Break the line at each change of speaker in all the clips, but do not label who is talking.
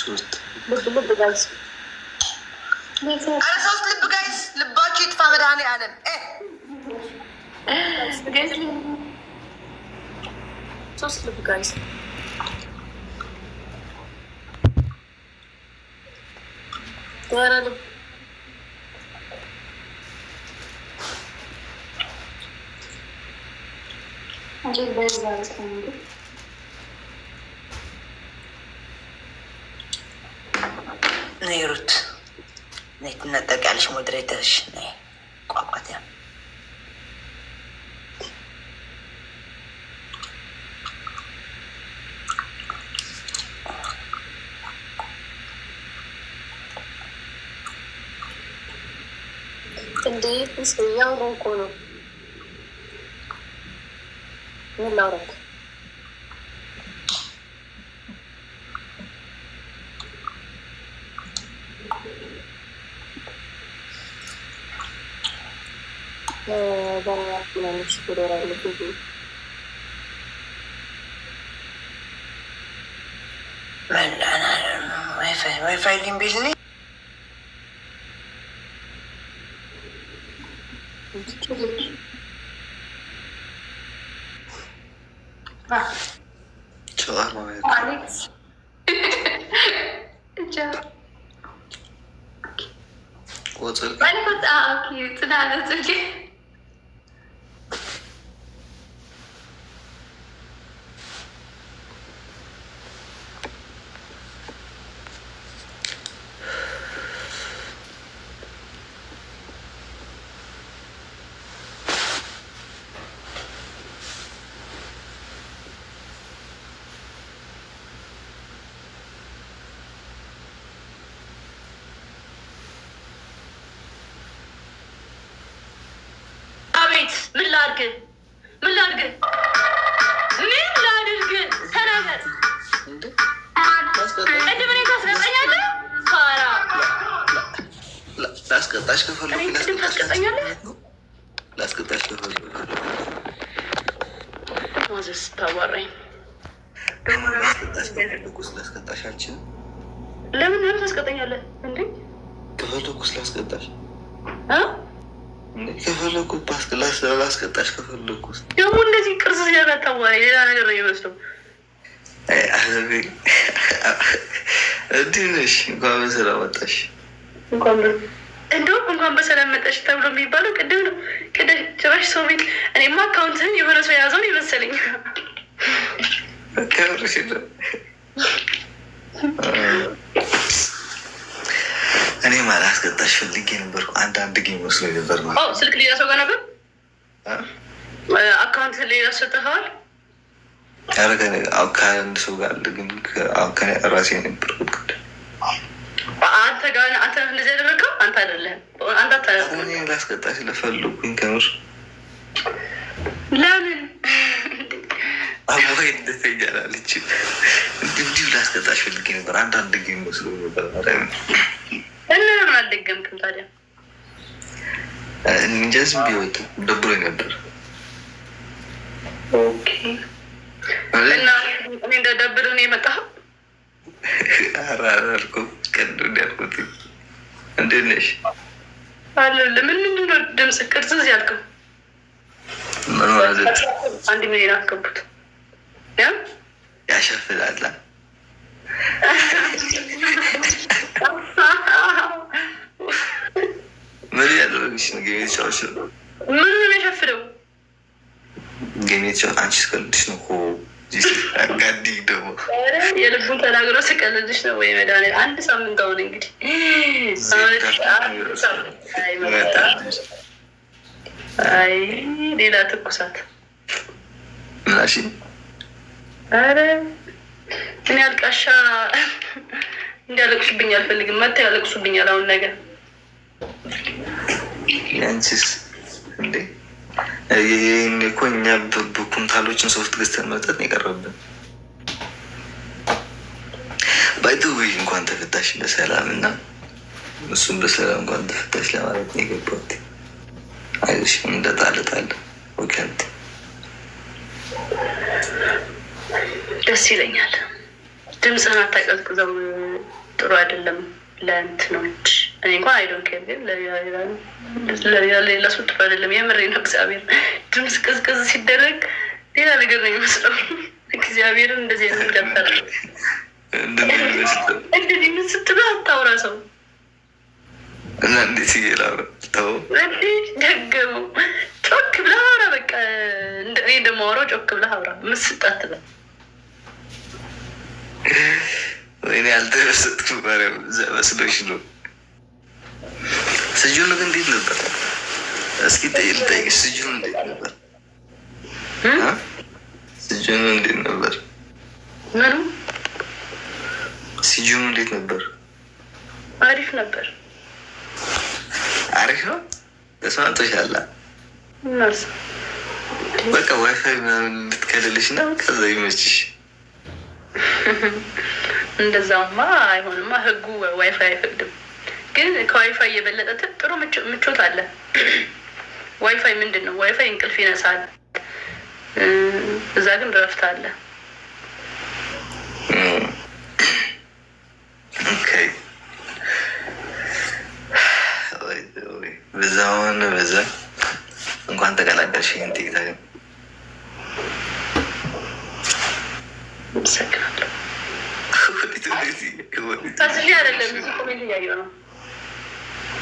ሶስት ልብ
ጋይስ፣ ልባችሁ ይጥፋ መድኃኔዓለም። ሶስት ልብ ጋይስ
ነይ ሩት ነይ ትነጠቂያለሽ። ሞዴሬተርሽ ነይ ቋቋት ያ
እንዴት ስ ነው ምን ላውራት Ee, bana yapmamış buraya lütfen.
Ben anarım. Wi-Fi, Wi-Fi'nin birini... Çalar mı?
Alex. Çal. What's up? Alex, ah, okay. Tonight, that's okay. ምን ላድርግ? ምን ላድርግ? ምን ላድርግ? ተናገር። ቅድም እኔ ታስቀጠኛለህ። ፋራ
ላስቀጣሽ ከፈለኩ
ቅድም ታስቀጠኛለህ።
ላስቀጣሽ ከፈለኩ
ማዘዝ ታዋራኝ ለምን ለምን ታስቀጠኛለህ እንዴ? ከፈለኩ ላስቀጣሽ ከፈለኩ ላስቀጣሽ ከፈለኩ ደግሞ እንደዚህ ቅርጽ ሲያጋጣም ሌላ ነገር ነው የሚመስለው። እንዲህ ነሽ። እንኳን በሰላም መጣሽ፣ እንዲሁም እንኳን በሰላም መጣሽ ተብሎ የሚባለው ቅድም ነው። ቅድም ጭራሽ ሰው ቤት እኔማ አካውንትን የሆነ ሰው የያዘውን ይመስለኝ። ላስገባሽ ፈልጌ ነበር። አንዳንድ ጌም መስሎ ነበር። ማለት ስልክ ሌላ ሰው ጋር ነበር። አካውንት ሌላ ሰጥሃል? ኧረ ከአንድ ሰው ጋር አለ፣ ግን ራሴ ነበር። አንተ ጋር አንተ እንደዚህ ያደረገው አንተ አይደለህም። አንተ ላስገጣሽ ስለፈለኩኝ ከምር ለምን አቦይ እንደተኛ ላለች እንዲሁ ላስገጣሽ ፈልጌ ነበር። አንዳንድ ጌም መስሎ ነበር። አልደገምክም ታዲያ? እንጃ ዝም ብዬ ወጣ ደብሮ ነበር። እና እኔ እንደደብር ነው የመጣኸው? ኧረ ኧረ አልኩህ ቀልድ ያልኩት። እንዴት ነሽ? አለ ለምን ምንድን ነው ድምፅ ቅርጽ እዚህ ያልከው? ምን ማለት አንድ ሚሊዮን አስገቡት ያሸፍላላ ምን ያደረግሽ ነው? ገሜ ተጫዋች ነው። ምን ነው የሚያሻፍረው? ገሜ ተጫዋች አንቺ ስቀልድሽ ነው እኮ አጋዲ ደግሞ የልቡን ተናግሮ ስቀልድሽ ነው ወይ መድኃኒዓለም። አንድ ሳምንት አሁን እንግዲህ አይ ሌላ ትኩሳት ምናሽ አረ እኔ አልቃሻ እንዲያለቅሱብኝ አልፈልግም። መታ ያለቅሱብኛል አሁን ነገር ያንቺስ እንዴ? ይህን እኮ እኛ በኩንታሎችን ሶፍት ገዝተን መጠጥ ነው የቀረብን። ወይ እንኳን ተፈታሽ በሰላም እና እሱም በሰላም እንኳን ተፈታሽ ለማለት ነው የገባት። አይሽ እንደጣልጣል ወገንት ደስ ይለኛል። ድምፅህን አታቀዝቅዘው፣ ጥሩ አይደለም ለእንትኖች እኔ እንኳን አይዶን ኬር ግን ለሌላ ሌላ ስጥፍ አይደለም። የምሬ ነው። እግዚአብሔር ድምፅ ቅዝቅዝ ሲደረግ ሌላ ነገር ነው የሚመስለው። እግዚአብሔርን እንደዚህ ነው የሚደፈር እንደዚህ ምን ስትለ አታውራ ሰው እና እንዴት ይላተው እንዴት ደገመው ጮክ ብለህ አውራ። በቃ እኔ እንደማወራው ጮክ ብለህ አውራ። ምን ስጣት ነው ወይኔ አልተበሰጥኩም መስሎሽ ነው ስጁን ግን እንዴት ነበር? እስኪ ጠይቅሽ፣ ስጁን እንዴት ነበር? ስጁን እንዴት ነበር? ምኑ ስጁን እንዴት ነበር? አሪፍ ነበር። አሪፍ ነው። ተስማምቶሽ አላ በቃ ዋይፋይ ምናምን እንድትከልልሽ እና ከዛ ይመችሽ። እንደዛማ አይሆንማ፣ ህጉ ዋይፋይ አይፈቅድም። ግን ከዋይፋይ የበለጠ ጥሩ ምቾት አለ። ዋይፋይ ምንድን ነው? ዋይፋይ እንቅልፍ ይነሳል። እዛ ግን ረፍት አለ። ብዛውን በዛ እንኳን ተቀላቀልሽ ይህን ቲክታክ ሰግናለሁ።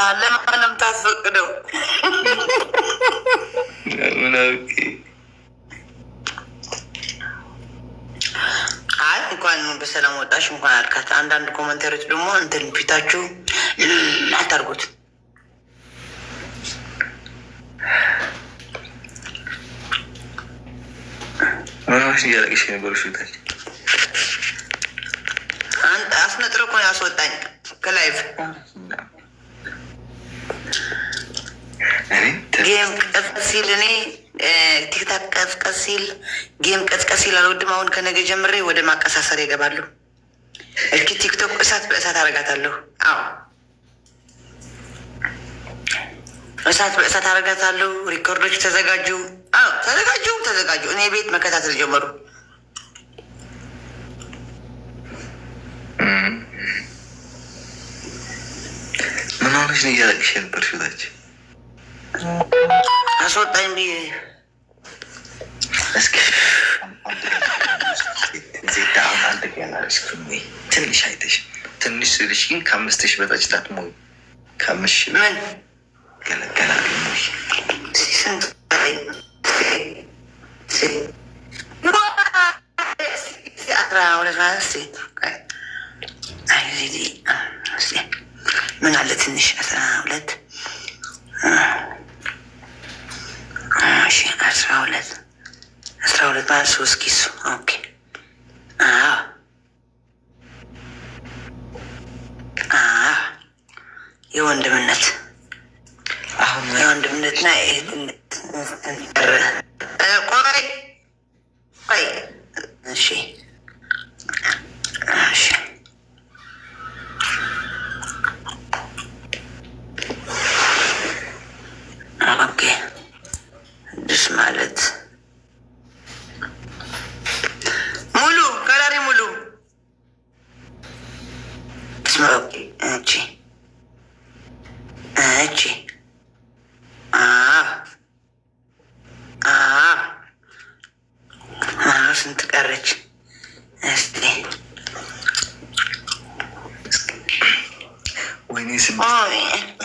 ትችላለ። ማንም ታስፈቅደው አይ እንኳን በሰላም ወጣሽ እንኳን አልካት። አንዳንድ ኮመንተሮች ደግሞ እንትን ፊታችሁ አታርጉት። እያለቅሽ የነበሩ ሽታች አስነጥሮ ያስወጣኝ ከላይፍ ጌም ቀዝቀዝ ሲል እኔ ቲክታክ ቀዝቀዝ ሲል ጌም ቀዝቀዝ ሲል አልወድም። አሁን ከነገ ጀምሬ ወደ ማቀሳሰር ይገባሉ። እስኪ ቲክቶክ እሳት በእሳት አረጋታለሁ። አዎ እሳት በእሳት አረጋታለሁ። ሪኮርዶች ተዘጋጁ፣ ተዘጋጁ፣ ተዘጋጁ። እኔ ቤት መከታተል ጀመሩ። ምን ሆነሽ ነው እያለቅሽ ነበር ፊታችን አስወጣኝ ብዬ ትንሽ አይተሽ ትንሽ ስልሽ ግን ከአምስት ሺህ በታች ታት ከአምስት ሺህ ገለገላ ሞይ አስራ ሁለት ባለ ሶስት ኪሱ ኦኬ። የወንድምነት አሁን የወንድምነትና Swarovski.